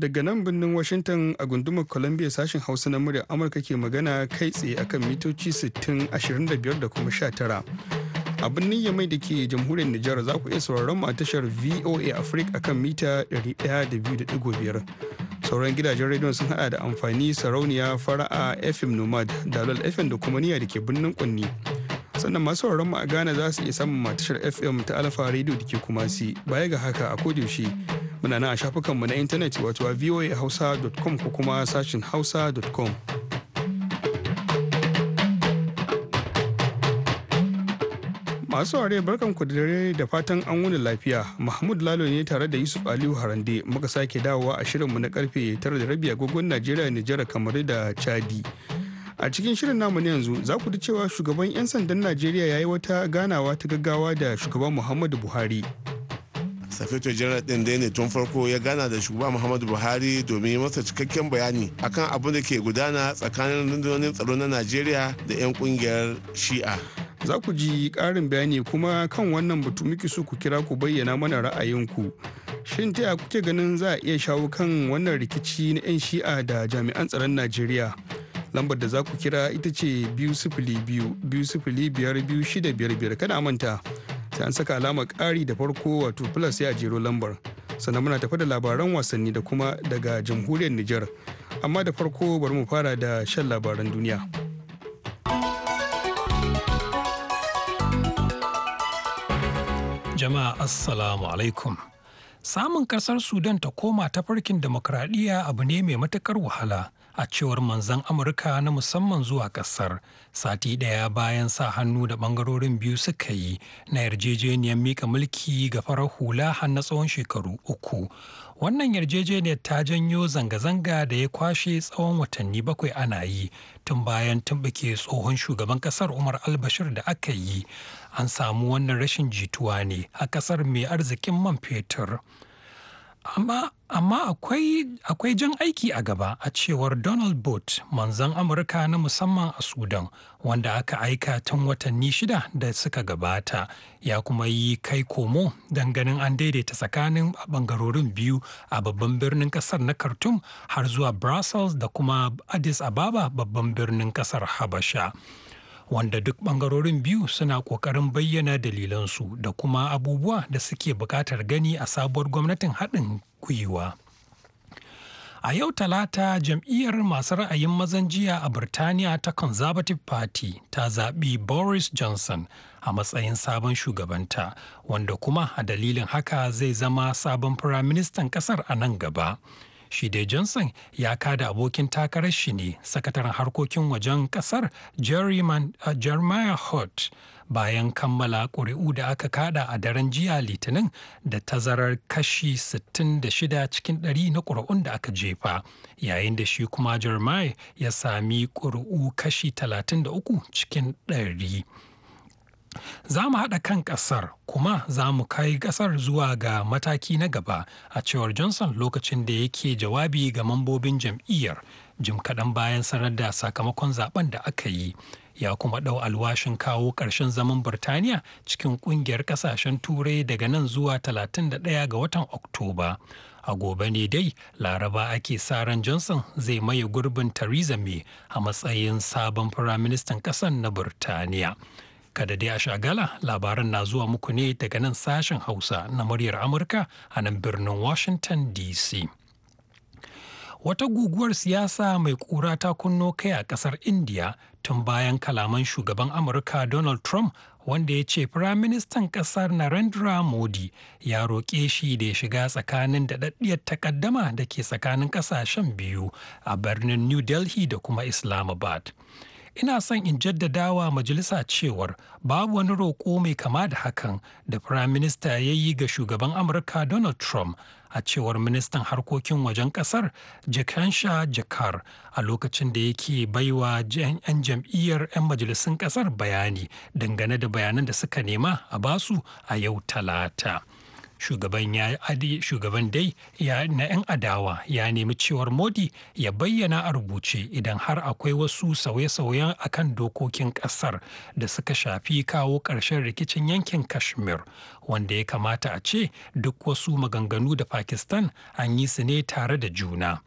daga nan birnin washington a gundumar columbia sashen hausa na muryar amurka ke magana kai tsaye akan mitoci 60 25 da kuma 19 a birnin yamai da ke jamhuriyar nijar za ku iya sauraron mu a tashar voa africa akan mita 102.5 sauran gidajen rediyon sun hada da amfani sarauniya fara'a fm nomad dalol fm da kuma niya da ke birnin kunni sannan masu mu a Ghana za su iya samun matashar FM ta Alfa Radio da ke kuma si baya ga haka a kodiyaushe muna nan a shafukanmu na intanet wato a voahausa.com ko kuma sashin hausa.com. masu ware barkan ku da dare da fatan an wuni lafiya mahmud lalo ne tare da yusuf aliyu harande muka sake dawowa a shirinmu na karfe 9 da rabi agogon najeriya nijar kamar da chadi a cikin shirin namu na yanzu za ku ji cewa shugaban 'yan sandan najeriya ya yi wata ganawa ta gaggawa da shugaban muhammadu buhari safeto general din dai ne tun farko ya gana da shugaba muhammadu buhari domin masa cikakken bayani akan abin da ke gudana tsakanin rundunonin tsaro na najeriya da 'yan kungiyar shi'a za ku ji ƙarin bayani kuma kan wannan batu muke so ku kira ku bayyana mana ra'ayinku shin ta kuke ganin za a iya shawo kan wannan rikici na 'yan shi'a da jami'an tsaron najeriya lambar da za ku kira ita ce biyu sifili biyu biyu sifili biyar biyu shida biyar biyar kada manta sai an saka alamar ƙari da farko wato plus ya jero lambar sannan muna tafi da labaran wasanni da kuma daga jamhuriyar Nijar amma da farko bari mu fara da shan labaran duniya. Jama'a Assalamu alaikum. Samun ƙasar Sudan ta koma ta farkin demokradiyya abu ne mai matuƙar wahala. a cewar manzan amurka na musamman zuwa kasar sati daya bayan sa hannu da bangarorin biyu suka yi na yarjejeniyar mika mulki ga farar hula har na tsawon shekaru uku wannan yarjejeniyar ta janyo zanga-zanga da ya kwashe tsawon watanni bakwai ana yi tun bayan tumbuke tsohon shugaban kasar umar albashir da aka yi an samu wannan rashin jituwa ne a kasar mai arzikin man fetur. amma akwai jan aiki a gaba a cewar donald boot manzan amurka na musamman a sudan wanda aka aika tun watanni shida da suka gabata ya kuma yi kai komo ganin an daidaita tsakanin bangarorin biyu a babban birnin kasar na khartoum har zuwa brussels da kuma addis ababa babban birnin kasar habasha wanda duk bangarorin biyu suna ƙoƙarin bayyana dalilansu da kuma abubuwa da suke buƙatar gani a sabuwar gwamnatin haɗin gwiwa. A yau talata jam'iyyar masu ra'ayin mazan jiya a Birtaniya ta Conservative Party ta zaɓi Boris Johnson a matsayin sabon shugabanta wanda kuma a dalilin haka zai zama sabon firaministan ƙasar a nan gaba. shi dai johnson ya kada abokin takarar shi ne sakataren harkokin wajen kasar uh, jeremiah hurt bayan kammala ƙuri'u da aka kada a daren jiya litinin da tazarar kashi 66 cikin 100 na ƙuri'un da aka jefa yayin da shi kuma jeremiah ya sami ƙuri'u kashi 33 cikin 100 Za mu haɗa kan ƙasar kuma za mu kai ƙasar zuwa ga mataki na gaba a cewar Johnson lokacin da yake jawabi ga mambobin jam'iyyar jim kaɗan bayan sanar da sakamakon zaben da aka yi. Ya kuma ɗau alwashin kawo ƙarshen zaman Birtaniya cikin ƙungiyar ƙasashen Turai daga nan zuwa 31 ga watan Oktoba. a gobe ne dai laraba ake sa ran johnson zai maye gurbin theresa may a matsayin sabon firaministan ƙasar na birtaniya. Kada dai a shagala labaran na zuwa muku ne daga nan sashen Hausa na muryar Amurka a nan birnin Washington DC. Wata guguwar siyasa mai kura ta kunno kai a kasar India tun bayan kalaman shugaban Amurka Donald Trump wanda ya ce Firaministan kasar Narendra Modi ya roƙe shi da ya shiga tsakanin daɗaɗɗiyar takaddama da ke tsakanin ƙasashen biyu a birnin New Delhi da kuma Islamabad. ina son in jaddadawa majalisa cewar babu wani roƙo mai kama da hakan da firaminista ya yi ga shugaban amurka donald trump a cewar ministan harkokin wajen kasar jakansha jakar a lokacin da yake baiwa 'yan jam'iyyar 'yan majalisun kasar bayani dangane da bayanan da suka nema a basu a yau talata. shugaban dai na 'yan adawa ya nemi cewar modi ya bayyana a rubuce idan har akwai wasu sauye-sauyen akan dokokin kasar da suka shafi kawo ƙarshen rikicin yankin kashmir wanda ya kamata a ce duk wasu maganganu da pakistan an yi su ne tare da juna.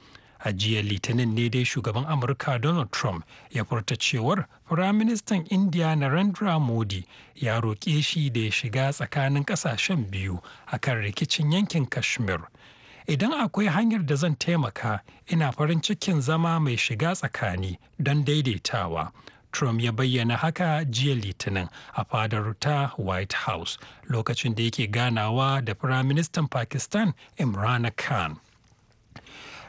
a jiya litinin ne dai shugaban amurka donald trump ya furta cewar firaministan india narendra modi ya roƙe shi da ya shiga tsakanin ƙasashen biyu a kan rikicin yankin kashmir idan akwai hanyar da zan taimaka ina farin cikin zama mai shiga tsakani don daidaitawa Trump ya bayyana haka jiya Litinin a fadar ta White House lokacin da yake ganawa da Firaministan Pakistan Imran Khan.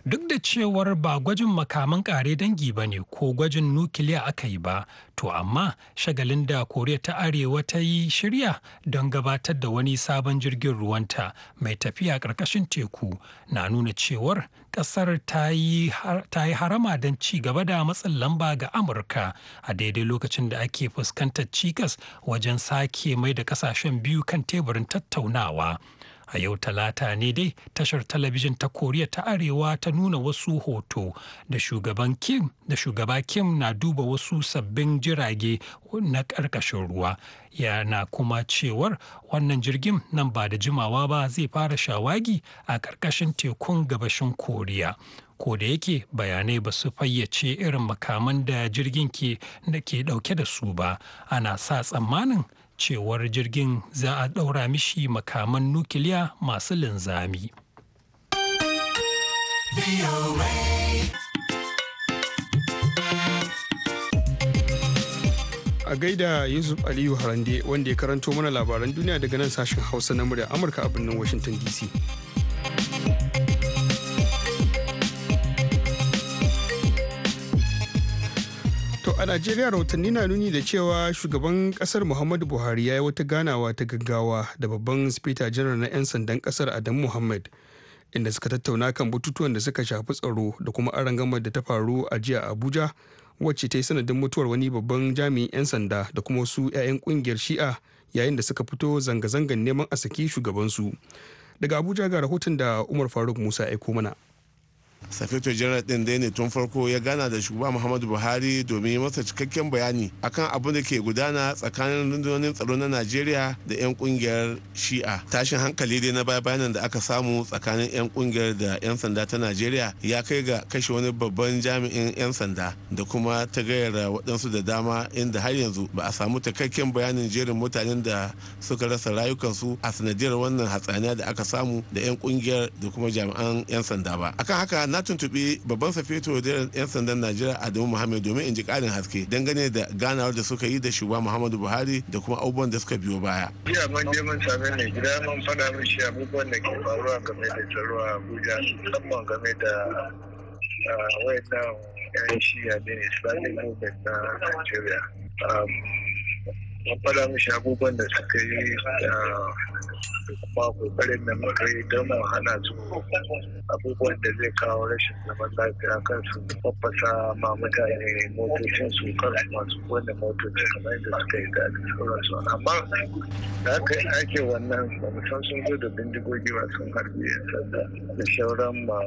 duk da cewar ba gwajin makaman kare dangi ba ne ko gwajin nukiliya aka yi ba to amma shagalin da koriya ta arewa ta yi shirya don gabatar da wani sabon jirgin ruwanta mai tafiya ƙarƙashin teku na nuna cewar ƙasar ta yi harama don ci gaba da matsin lamba ga amurka a daidai lokacin da ake fuskantar cikas wajen sake mai da ƙasashen biyu kan teburin tattaunawa a yau talata ne dai tashar talabijin ta koriya ta arewa ta nuna wasu hoto da shugaban kim da shugaba kim na duba wasu sabbin jirage na karkashin ruwa yana kuma cewar wannan jirgin nan ba da jimawa ba zai fara shawagi a karkashin tekun gabashin koriya ko da yake bayanai ba su fayyace irin makaman da jirgin ke da ke dauke da su ba ana sa tsammanin cewar jirgin za a ɗaura mishi makaman nukiliya masu linzami. A gaida Yusuf Aliyu Harande wanda ya karanto mana labaran duniya daga nan sashen Hausa na murya Amurka a birnin Washington DC. To a Najeriya rahotanni na nuni da cewa shugaban kasar Muhammadu Buhari ya yi wata ganawa ta gaggawa da babban sifita janar na 'yan sandan kasar Adam Muhammad inda suka tattauna kan batutuwan da suka shafi tsaro da kuma arangamar da ta faru a jiya Abuja wacce ta yi sanadin mutuwar wani babban jami'in 'yan sanda da kuma wasu 'ya'yan kungiyar shi'a yayin da suka fito zanga-zangan neman a saki shugabansu. Daga Abuja ga rahoton da Umar Faruk Musa aiko mana. safeto general din dai ne tun farko ya gana da shugaba muhammadu buhari domin yi masa cikakken bayani akan abin da ke gudana tsakanin rundunonin tsaro na najeriya da 'yan kungiyar shi'a tashin hankali dai na baya bayanan da aka samu tsakanin 'yan kungiyar da 'yan sanda ta najeriya ya kai ga kashe wani babban jami'in 'yan sanda da kuma ta gayyara waɗansu da dama inda har yanzu ba a samu cikakken bayanin jerin mutanen da suka rasa rayukansu a sanadiyar wannan hatsaniya da aka samu da 'yan kungiyar da kuma jami'an 'yan sanda ba akan haka na tuntuɓi babban safeto da 'yan sandan najeriya adamu muhammad domin in ji ƙarin haske dangane da ganawar da suka yi da shugaban muhammadu buhari da kuma abubuwan da suka biyo baya. jiya mun je mun same mai gida mun faɗa mishi abubuwan da ke faruwa game da tsaro a abuja musamman game da ah, wayannan 'yan shiya ne islamic movement na nigeria. mun faɗa mishi abubuwan da suka yi ah, da kuma kokarin da muka yi don mu hana su abubuwan da zai kawo rashin zaman lafiya kan su faffasa ma mutane motocin su kan su masu kone motocin kamar yadda suka yi da sauransu amma da aka yi ake wannan ba mu san sun zo da bindigogi ba sun harbi sanda da shauran ma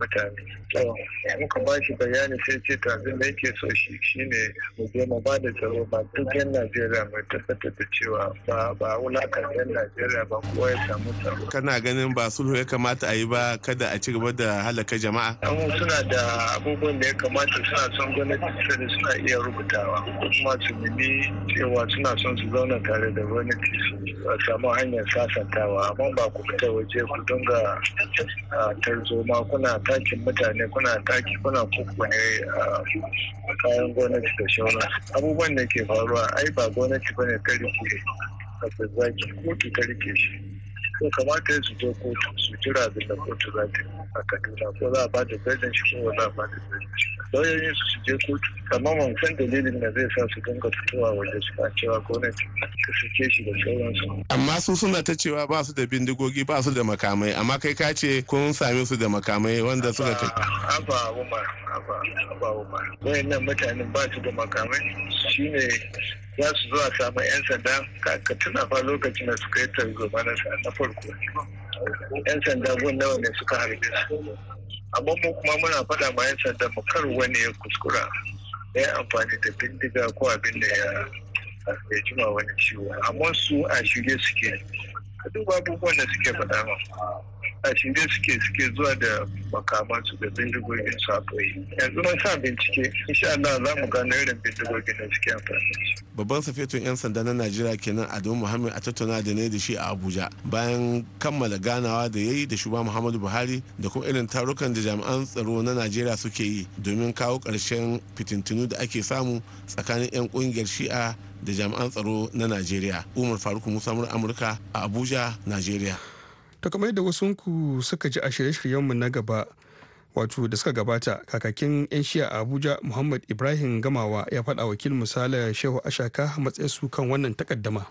mutane muka ba shi bayani sai ce tafin da yake so shi shine mu je mu ba da tsaro ba duk yan najeriya mai tabbatar da cewa ba ba wulakan yan najeriya ba kowa ya samu tsaro kana ganin ba sulhu ya kamata a yi ba kada a ci gaba da halaka jama'a an suna da abubuwan da ya kamata suna son gwamnati sani suna iya rubutawa kuma su nemi cewa suna son su zauna tare da gwamnati su samu hanyar sasantawa amma ba ku fita waje ku dinga tarzoma kuna takin mutane kuna taki kuna kukkune a kayan gwamnati da shauna abubuwan da ke faruwa ai ba gwamnati bane ta rike zaki kotu ta rike shi ko kamata su je kotu su jira abin da kotu za ta yi a kaduna ko za a ba da shi ko za a ba da shi lauyoyin su su je kotu kamar mun san dalilin da zai sa su dinga fitowa waje ka cewa gwamnati su suke shi da sauransu. Amma su suna ta cewa ba su da bindigogi ba su da makamai amma kai ka ce kun same su da makamai wanda suka kai. Aba umar aba aba umar wayannan mutanen ba su da makamai shine za su zuwa samu 'yan sanda ka tuna fa lokacin da suka yi tarzoma na farko 'yan sanda gun nawa ne suka harbe su amma mu kuma muna faɗa ma 'yan sanda mu kar wani ya kuskura ya amfani da bindiga ko abin da ya jima wani ciwo amma su a shirye suke ka duba abubuwan da suke faɗa ma shirye suke suke zuwa da makamansu da bindigogin su yanzu mun sa bincike insha Allah za mu gano irin bindigogin da suke amfani babban safetun yan sanda na Najeriya kenan Adamu Muhammad a tattauna da ne da shi a Abuja bayan kammala ganawa da yayi da shuba Muhammadu Buhari da kuma irin tarukan da jami'an tsaro na Najeriya suke yi domin kawo ƙarshen fitintunu da ake samu tsakanin 'yan kungiyar shi'a da jami'an tsaro na Najeriya. Umar Faruk Musa Amurka a Abuja, Najeriya. ta kamar yadda wasunku suka ji a shirye-shiryenmu na gaba wato da suka gabata kakakin 'yan shiya a abuja muhammad ibrahim gamawa ya faɗa wakil misali shehu ashaka matsayinsu kan wannan takaddama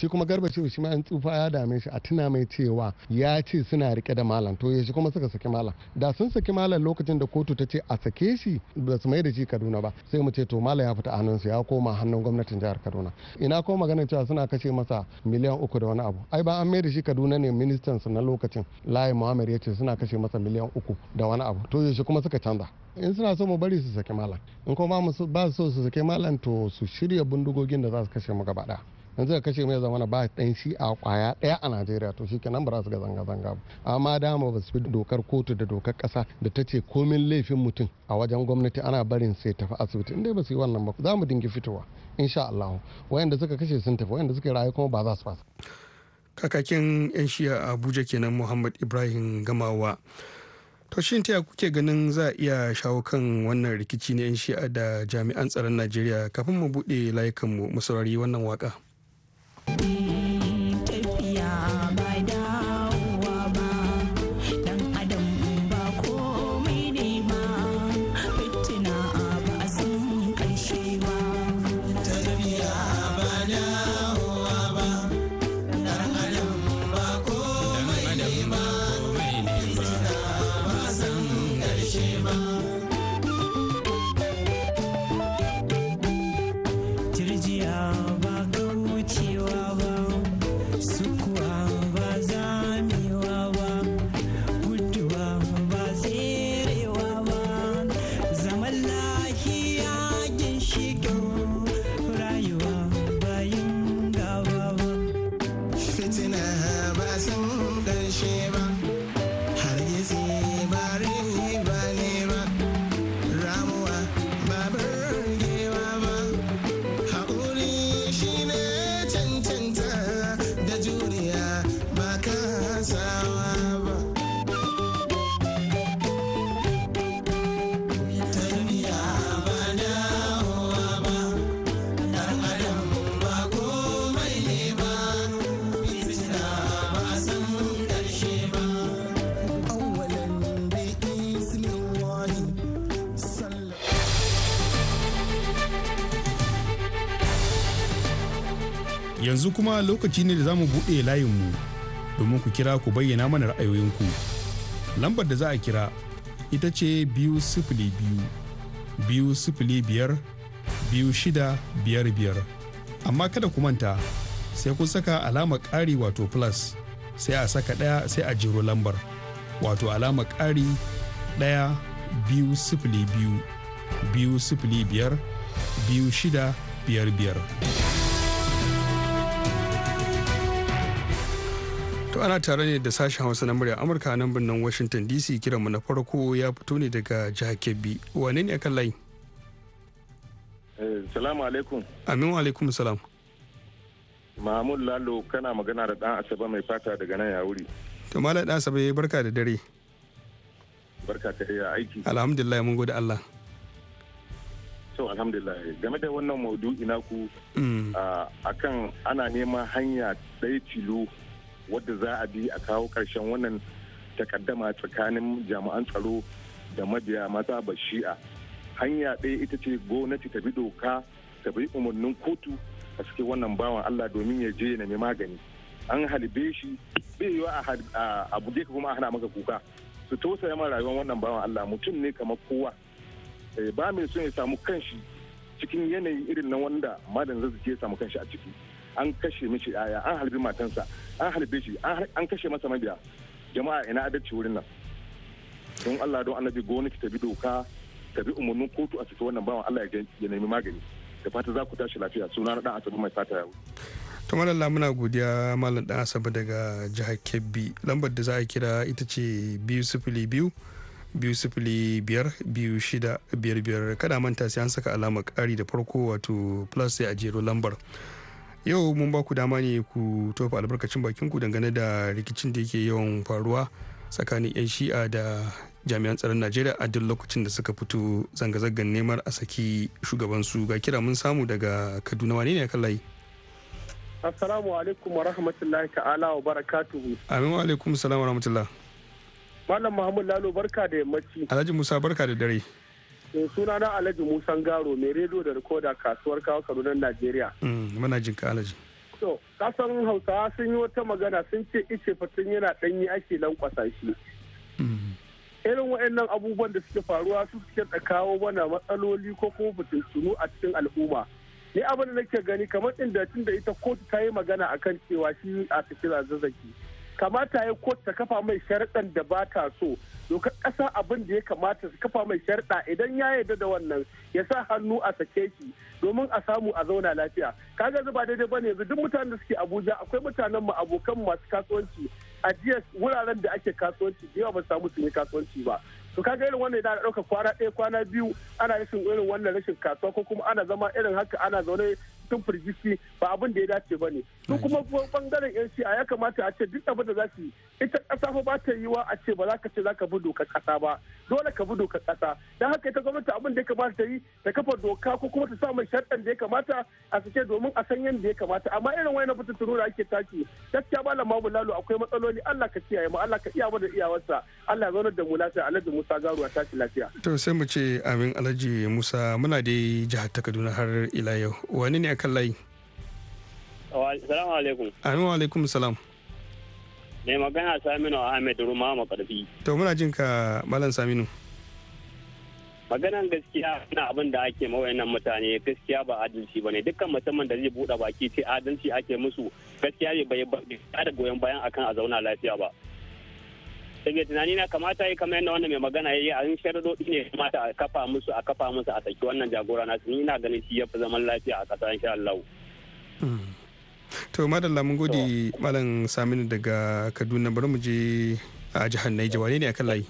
shi kuma garba shi shi an tsufa ya dame shi a tuna mai cewa ya ce suna rike da malam to ya shi kuma suka saki malam da sun saki malam lokacin da kotu ta ce a sake shi ba su mai da shi kaduna ba sai mu ce to malam ya fita hannunsa ya koma hannun gwamnatin jihar kaduna ina ko maganin cewa suna kashe masa miliyan uku da wani abu ai ba an mai da shi kaduna ne ministan su na lokacin layi muhammad ya ce suna kashe masa miliyan uku da wani abu to yaushe kuma suka canza in suna so mu bari su saki malam in kuma ba so su saki malam to su shirya bindigogin da za su kashe mu gaba ɗaya in suka kashe mai zamana ba ɗan shi a kwaya ɗaya a najeriya to shikenan ba za su ga zanga-zanga ba amma dama ba su fi dokar kotu da dokar ƙasa da ta ce komin laifin mutum a wajen gwamnati ana barin sai tafi asibiti inda ba su yi wannan ba za mu dingi fitowa insha allahu wayanda suka kashe sun tafi wayanda suka rayu kuma ba za su fasa kakakin yan shiya abuja kenan muhammad ibrahim gamawa to shin ta kuke ganin za a iya shawo kan wannan rikici na 'yan shi'a da jami'an tsaron najeriya kafin mu buɗe layukanmu mu saurari wannan waka. yanzu kuma lokaci ne da za mu buɗe layinmu domin ku kira ku bayyana mana ra'ayoyinku lambar da za a kira ita ce biyu sifili biyu biyu sifili biyar biyu shida amma kada ku manta sai kun saka alama ƙari wato plus sai a saka ɗaya sai a jiro lambar wato alama ƙari ɗaya biyu sifili biyu biyu sifili biyar biyu shida biyar biyar. To ana tare ne da sashen Hausa na murya Amurka nan birnin Washington DC kiranmu na farko ya fito ne daga jihar Kebbi. Wane ne kan layi? Eh, salamu alaikum. Amin wa alaikum salam. Mahmud Lalo kana magana da ɗan asaba mai fata daga nan ya wuri. To Malam ɗan Asabe barka da dare. Barka ta iya aiki. Alhamdulillah mun gode Allah. To alhamdulillah game da wannan maudu'i naku mm. a ah, kan ana neman hanya ɗaya tilo wadda za a bi a kawo karshen wannan takaddama tsakanin jami'an tsaro da mabiya maza ba shi'a hanya ɗaya ita ce gwamnati ta bi doka ta bi umarnin kotu a cikin wannan bawan allah domin ya je ya nemi magani an halbe shi bai yiwa a buge ka kuma a hana maka kuka su tausaya ma rayuwar wannan bawan allah mutum ne kamar kowa eh, ba mai son ya samu kanshi cikin yanayi irin na wanda madan zazzake ya samu kanshi a ciki an kashe mishi yaya an halbi matansa an halbe shi an kashe masa mabiya jama'a ina adalci wurin nan don Allah don annabi gwamnati ta bi doka tabi bi umarnin kotu a cikin wannan bawan Allah ya nemi magani da fata za ku tashi lafiya suna na dan asabi mai fata yawo to malalla muna godiya malam dan asabi daga jihar Kebbi lambar da za a kira ita ce biyu sifili biyu sifili biyar biyu shida biyar biyar kada manta sai an saka alamar kari da farko wato plus sai a jero lambar yau mun ba ku dama ne ku tofa albarkacin bakin ku dangane da rikicin da yake yawan faruwa tsakanin 'yan shi'a da jami'an tsaron najeriya a duk lokacin da suka fito zanga-zangar neman a saki shugabansu ga kira mun samu daga kaduna wane ne kan layi assalamu alaikum wa rahmatullahi ta'ala wa barakatu amin wa alaikum salam wa rahmatullah malam muhammad lalo barka da yammaci alhaji musa barka da dare Eh, suna na alhaji musan garo mai rediyo da rikoda kasuwar kawo kaduna najeriya mm, muna jin ka alhaji so kasan hausawa sun yi wata magana sun ce ice fatin yana danyi ake lankwasa shi mm-hmm. irin wa'annan abubuwan da suke faruwa su suke kawo mana matsaloli ko kuma fitintunu a cikin al'umma ni abin da nake gani kamar inda tun da ita kotu ta yi magana akan cewa shi a cikin zazzaki kamata ya kotu ta kafa mai sharɗan da ba ta so dokar ƙasa abin da ya kamata su kafa mai sharɗa idan ya yarda da wannan ya sa hannu a sake shi domin a samu a zauna lafiya kaga zuba daidai bane ne duk mutanen da suke abuja akwai mutanen mu abokan masu kasuwanci a jiya wuraren da ake kasuwanci da yawa ba samu su yi kasuwanci ba to kaga irin wannan idan ɗauka kwana ɗaya kwana biyu ana rashin irin wannan rashin kasuwa ko kuma ana zama irin haka ana zaune sun firgici ba abin da ya dace ba ne su kuma bangaren yan shi'a ya kamata a ce duk abin da za su yi ita kasa fa ba ta yiwa a ce ba za ka ce za ka bi dokar ƙasa ba dole ka bi dokar kasa don haka ita gwamnati abin da ya kamata ta yi ta kafa doka ko kuma ta sa mai sharɗan da ya kamata a sake domin a san yadda ya kamata amma irin wani fitin turu da ake taki gaskiya malam mamu lalo akwai matsaloli Allah ka kiyaye mu Allah ka iya da iyawarsa Allah ya zaunar da mu lafiya Alhaji Musa Garuwa tashi lafiya to sai mu ce amin Alhaji Musa muna dai jihar ta har ila yau wani ne kan layi. Salamu alaikum. Amin alaikum salam. Mai magana Saminu Ahmed Ruma Makarfi. To muna jin ka Malam Saminu. Maganan gaskiya na abin da ake nan mutane gaskiya ba adalci ba ne dukkan musamman da zai buɗe baki sai adalci ake musu gaskiya bai ba da goyon bayan akan a zauna lafiya ba. saboda tunani na kamata yi kamar yadda wannan mai magana yi an sharadodi ne kamata a kafa musu a kafa musu a saki wannan jagora na ni ina ganin shi fi zaman lafiya a ƙasa insha Allah hmm. to madalla mun gode malam Saminu daga Kaduna bari mu je a jihar Niger wane ne akan layi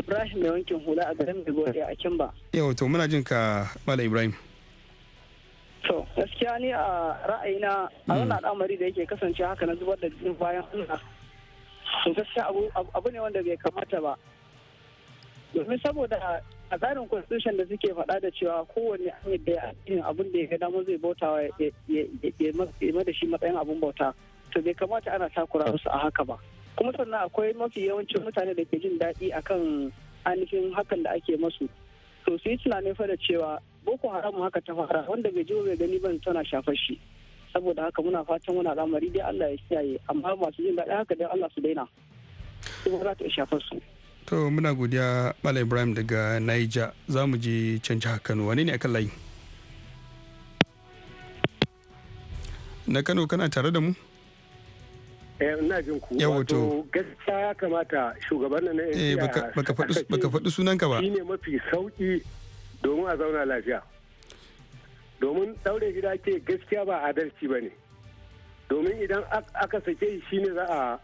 Ibrahim mai wankin hula a garin Bigode a Kimba yau to muna jin ka malam Ibrahim to gaskiya ni a ra'ayina a wannan al'amari da yake kasance haka na zubar da jinin bayan Allah gaskiya abu ne wanda bai kamata ba domin saboda a tsarin constitution da suke faɗa da cewa kowanne an yadda addinin abin da ya ga damar zai bauta wa ya da shi matsayin abin bauta to bai kamata ana takura su a haka ba kuma sannan akwai mafi yawancin mutane da ke jin daɗi akan ainihin hakan da ake masu to su yi tunanin fa da cewa boko haram haka ta fara wanda bai ji bai gani ban tana shafar shi saboda haka muna fatan wani al'amari dai Allah ya kiyaye amma masu jin daɗi haka dai Allah su daina kuma za ta shafa su to muna godiya Bala Ibrahim daga Niger za mu je can jihar Kano wani ne akan layi na Kano kana tare da mu eh, ina jin ku wato gaskiya ya kamata shugaban nan eh baka faɗi sunanka ba ne mafi sauki domin a zauna lafiya domin daure shi da gaskiya ba adalci ba ne domin idan aka sake shi shine za a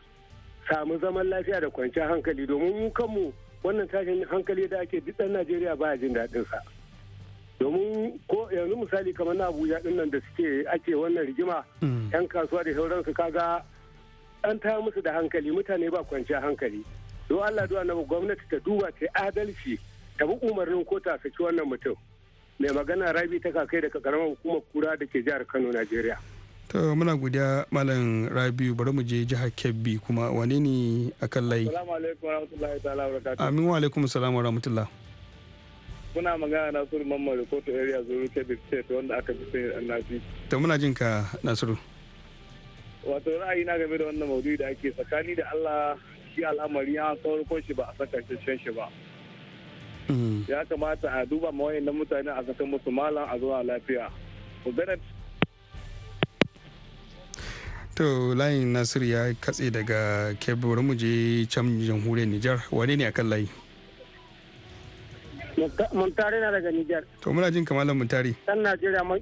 samu zaman lafiya da kwanciyar hankali domin mu kanmu wannan tashin hankali da ake duk ɗan najeriya ba jin daɗin sa domin ko yanzu misali kamar na abuja ɗin nan da suke ake wannan rigima mm. yan kasuwa da sauransu kaga an taya musu da hankali mutane ba kwanciyar hankali don allah duwa na gwamnati ta duba ta adalci ta bi umarnin kota saki wannan mutum mai magana rabi ta kakai daga karamar hukumar kura da ke jihar kano najeriya to muna guda malam rabiu bari mu je jihar kebbi kuma wane ne akan layi amin wa alaikum salam wa rahmatullah muna magana nasiru mamman rikoto area zuru kebbi state wanda aka fi an nafi to muna jin ka nasiru wato ra'ayi na game da wannan maudu da ake tsakani da allah shi al'amari ya saurako kwanci ba a saka shi ba Mm. ya kamata a duba ma na mutane a saka musu malam a zuwa lafiya to layin nasir ya katse daga kebbi mu je can jamhuriyar nijar wane ne a kan layi muntari na daga nijar to muna jin kamalan muntari ɗan najeriya mai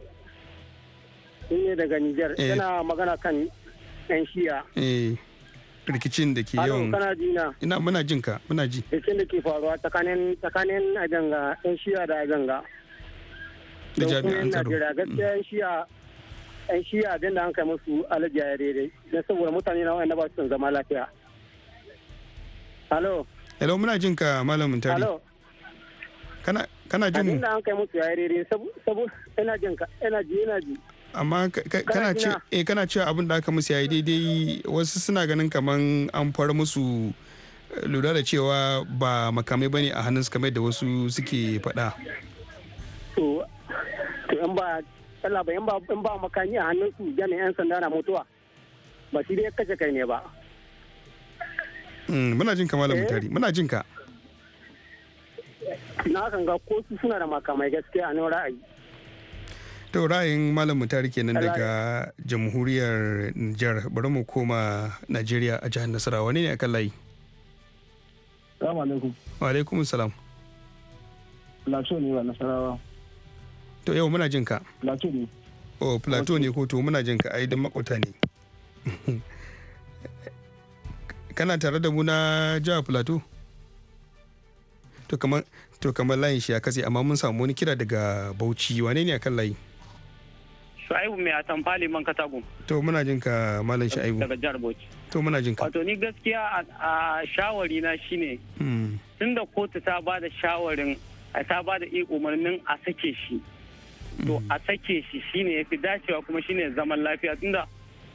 ne daga nijar eh. yana magana kan yan shiya eh. rikicin da ke yawan ina muna jin ka muna ji rikicin da ke faruwa tsakanin tsakanin ganga yan shiya da ganga da jami'an tsaro gaskiya yan shiya yan shiya abin da an kai musu alaji ya daidai don saboda mutane na na ba su zama lafiya halo hello muna jin ka malamin tari kana kana jin mu abin da an kai musu ya daidai saboda ina jin ka ina ji ina ji amma kana ce eh kana cewa abin da aka musu yayi daidai wasu suna ganin kaman an far musu eh, lura da cewa ba makamai bane a hannunsu kamar da wasu suke faɗa. to in ba Allah ba in ba makami a hannunsu gane yan sanda na mutuwa ba shi dai kace kai ne ba hmm, muna jin ka malam eh? mutari muna jin ka na kan ga ko su suna da makamai gaskiya a nan ra'ayi to ra'ayin malam mutari kenan daga jamhuriyar Nijar bari mu koma Najeriya a jihar Nasarawa ne akan layi Assalamu alaikum Wa alaikum salam Plateau ne wa Nasarawa To yau muna jin ka Plateau ne Oh Plateau ne ko to muna jin ka ai dan makota ne Kana tare da mu na jihar Plateau To kamar to kamar layin shi ya katse amma mun samu wani kira daga Bauchi wane ne akan layi Shu'aibu mai atamfa man katagun. To muna jin ka malam Shu'aibu. Daga jihar Bauchi. To muna jin ka. Wato ni gaskiya a shawari na shine. Hmm. Tun da kotu ta ba da shawarin ta ba da umarnin a sake shi. To hmm. a sake shi shine ya fi dacewa kuma shine zaman lafiya tunda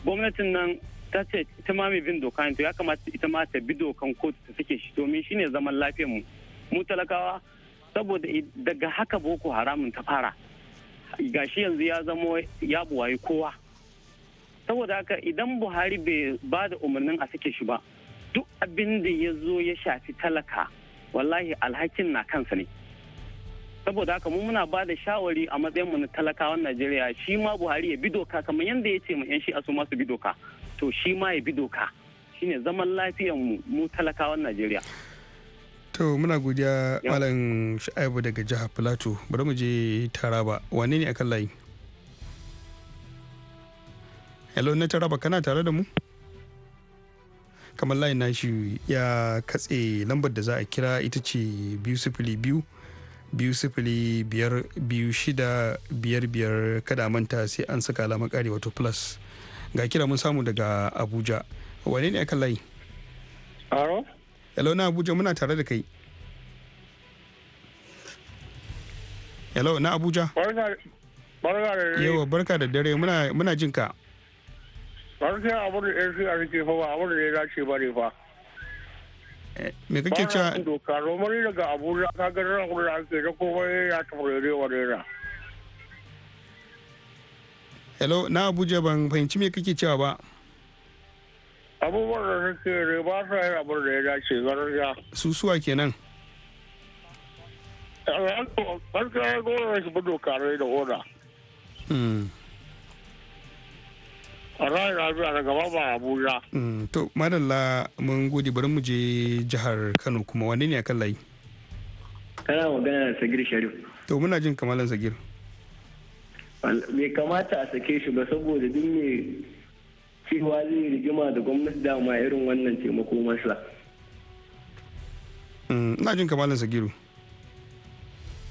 gwamnatin nan ta ce ita ma mai bin doka ne to ya kamata ita ma ta bi dokan kotu ta sake shi domin shine zaman lafiyar mu. Mu talakawa saboda daga haka boko haramun ta fara. gashi yanzu ya zamo ya buwayi kowa saboda haka idan buhari bai ba da umarnin a sake shi ba duk abin da ya zo ya shafi talaka wallahi alhakin na kansa ne saboda haka mu muna ba da shawari a matsayinmu na talakawan najeriya shi ma buhari ya bi doka kamar yadda ya ce ma 'yan shi su masu bi doka to shi ma ya bi doka shine zaman lafiyan mu talakawan najeriya to muna godiya malam sha'ibu daga jihar plateau bari mu je taraba wane ne akan layi hello na taraba kana tare da mu kamar layi nashi ya katse lambar da za a kira ita ce biyu sifili biyu biyu sifili biyar biyu shida biyar biyar kada manta sai an saka alamar kare wato plus ga kira mun samu daga abuja wane ne akan layi aro hello na abuja muna tare da kai hello na abuja Barka da yawa barka da dare muna muna jin ka barka abin da yan a rike fa ba a wurin da ya ce ba ne fa eh, me kake cewa Ba doka romari daga abuja ka ga ran gudu da ake da kowa ya tafi da wa da hello na abuja ban fahimci me kake cewa ba abubuwan da suke ne ba su yi abin da ya dace gaskiya su suwa kenan gaskiya dole ne su bi doka ne da oda hmm. a ra'ayi lafiya da gaba ba abuja hmm. to madalla mun gode bari mu je jihar kano kuma wani ne a kan layi kana magana da sagir sharif to muna jin kamalan sagir bai kamata a sake shi ba saboda duk mai cewa zai rigima da gwamnati dama irin wannan taimako masa mm, na jin kamalin sagiru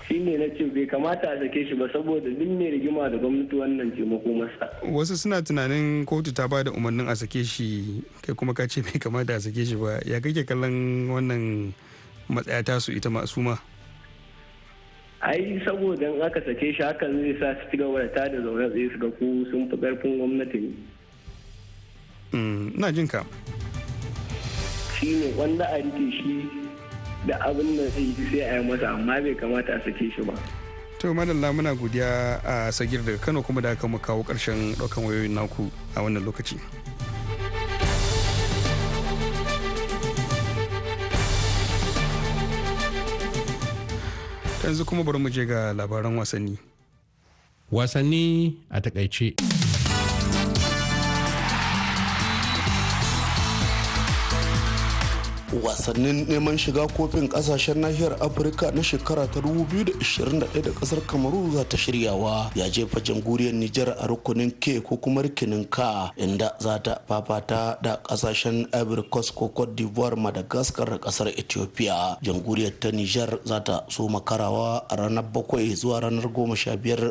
shi ne na ce bai kamata a sake shi ba saboda duk mai rigima da gwamnati wannan taimako masa wasu suna tunanin kotu ta bada umarnin a sake shi kai kuma ka ce bai kamata a sake shi ba ya kake kallon wannan matsaya tasu ita masu ma ai saboda in aka sake shi hakan zai sa su ci gaba da tada zaune tsaye su ga ku sun fi karfin gwamnati Mm, na jin ka shi ne wanda a rike shi da abin da zai yi sai a yi masa amma bai kamata a sake shi ba to madalla muna godiya a sagir daga kano kuma da aka mu kawo karshen daukan wayoyin naku a wannan lokaci yanzu kuma bari mu je ga labaran wasanni wasanni a takaice wasannin neman shiga kofin kasashen nahiyar afirka na shekara ta 2021 da kasar kamaru za ta shiryawa ya jefa jamhuriyar nijar a rukunin ke ko kuma rikinin ka inda za ta fafata da kasashen ivory coast ko cote d'ivoire madagascar da kasar ethiopia jamhuriyar ta nijar za ta so makarawa a ranar bakwai zuwa ranar goma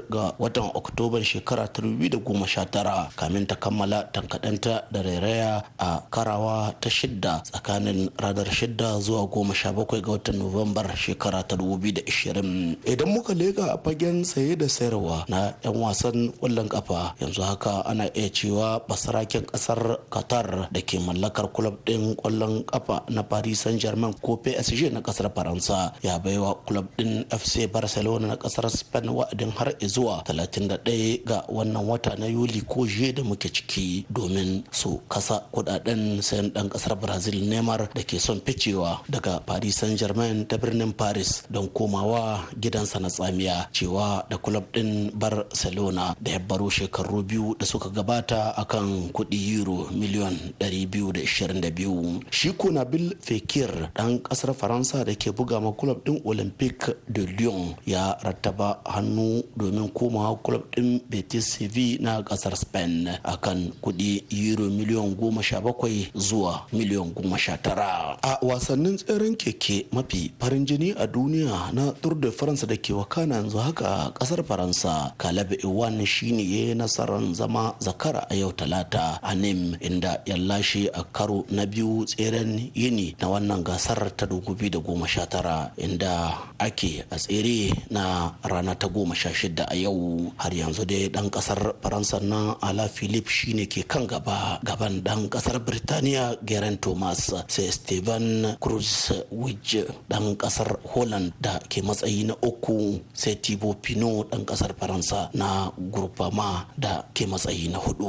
ga watan oktoban shekara ta 2019 kamin ta kammala tankaɗanta da rairaya a karawa ta shidda tsakanin ranar 6 zuwa 17 ga watan Nuwambar shekara ta 2020. Idan muka lega a fagen saye da sayarwa na 'yan wasan kwallon kafa yanzu haka ana iya cewa basaraken kasar Qatar da ke mallakar kulab ɗin kwallon kafa na Paris Saint-Germain ko PSG na kasar Faransa ya baiwa kulab ɗin FC Barcelona na kasar Spain wa'adin har zuwa 31 ga wannan wata na Yuli ko da muke ciki domin su kasa kudaden sayan ɗan kasar Brazil Neymar da ke son ficewa daga Paris Saint-Germain ta birnin Paris don komawa gidansa na tsamiya cewa da kulab ɗin Barcelona da ya baro shekaru biyu da suka gabata akan kuɗi euro miliyon 222. Shi kuna Bil Fekir ɗan ƙasar Faransa da ke buga ma kulab ɗin Olympique de Lyon ya rattaba hannu domin komawa kulab din Betis CV na ƙasar Spain akan kuɗi euro miliyon 17 zuwa miliyon 19. a wasannin tseren keke mafi farin jini a duniya na tour de france da ke wakana yanzu haka kasar faransa caleb iwan shine ya nasarar zama zakara a yau talata a nim inda ya lashe a karo na biyu tseren yini na wannan gasar ta tara inda ake a tsere na rana ta goma sha shida a yau har yanzu dai dan kasar faransa na ala philip ne ke kan gaba gaban dan kasar birtaniya geraint thomas sai Steven Cruz Wijje ɗan ƙasar Holland da ke matsayi na uku sai Thibaut Pinot dan ƙasar Faransa na Gurfama da ke matsayi na hudu.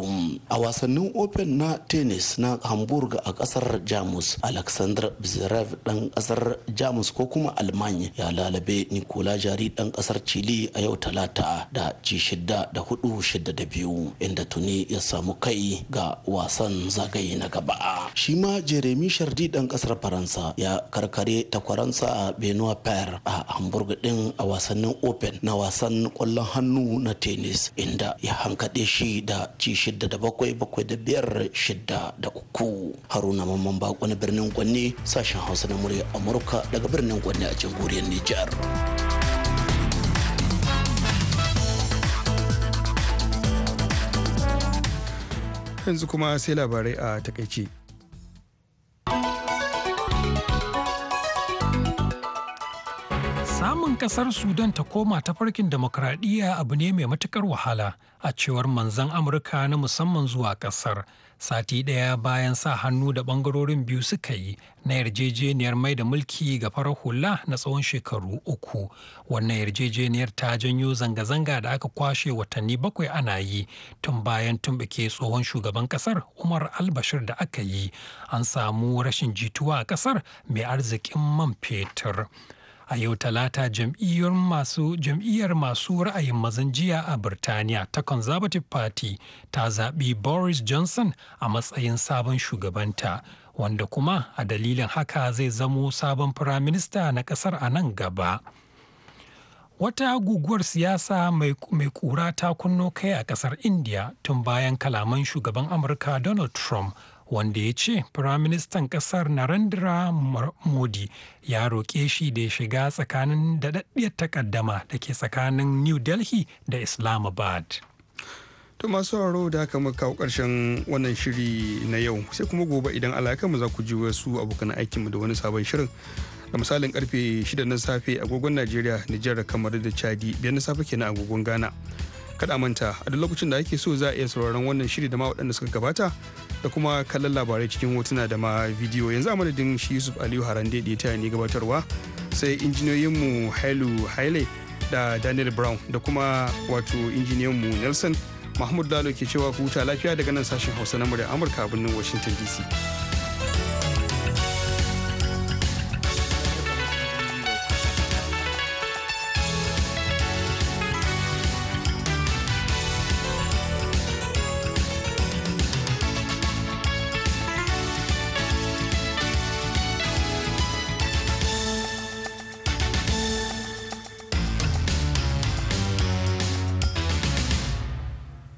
A wasannin Open na tennis na Hamburg a ƙasar Jamus Alexander Zverev ɗan ƙasar Jamus ko kuma Almanya ya lalabe Nicola Jari ɗan ƙasar Chile a yau talata da ci shidda da hudu shidda da biyu inda tuni ya samu kai ga wasan zagaye na gaba. Shi ma Jeremy Shardi dan kasar faransa ya karkare takwaransa a benoit pair a hamburg din a wasannin open na wasan kwallon hannu na tennis inda ya hankaɗe shi da ci shidda da bakwai bakwai da biyar shidda da uku haruna mamman bako na birnin gwanne sashen hausa na murya amurka daga birnin gwanne a jamhuriyar nijar yanzu kuma sai labarai a takaice Kasar Sudan ta koma ta farkin demokradiyya abu ne mai matukar wahala a cewar manzan Amurka na musamman zuwa ƙasar. Sati ɗaya bayan sa hannu da bangarorin biyu suka yi na yarjejeniyar mai da mulki ga farar hula na tsawon shekaru uku. Wannan yarjejeniyar ta janyo zanga-zanga da aka kwashe watanni bakwai ana yi tun bayan tumbuke tsohon shugaban ƙasar Umar Albashir da aka yi. An samu rashin jituwa a ƙasar mai arzikin man fetur. a yau talata jam'iyyar masu jam'iyyar masu ra'ayin mazan jiya a birtaniya ta conservative party ta zaɓi boris johnson a matsayin sabon shugabanta wanda kuma a dalilin haka zai zamo sabon firaminista na ƙasar a nan gaba wata guguwar siyasa mai kura ta kunno kai a kasar india tun bayan kalaman shugaban amurka donald trump wanda ya ce firaministan ƙasar narendra modi ya roƙe shi da ya shiga tsakanin daɗaɗɗiyar takaddama da ke tsakanin new delhi da islamabad to masu sauraro da aka muka kawo karshen wannan shiri na yau sai kuma gobe idan mu za ku ji wasu abokan aikinmu da wani sabon shirin da misalin karfe 6 na safe agogon najeriya nijar kamar da chadi biyar na safe kenan agogon ghana kada manta a duk lokacin da ake so za a iya sauraron wannan shiri da ma waɗanda suka gabata da kuma kallon labarai cikin hotuna da ma bidiyo yanzu a madadin shi yusuf aliyu harande da ta ne gabatarwa sai injiniyoyinmu hailu haile da daniel brown da kuma wato injiniyanmu nelson mahmud lalo ke cewa ku huta lafiya daga nan sashen hausa na murya amurka a birnin washington dc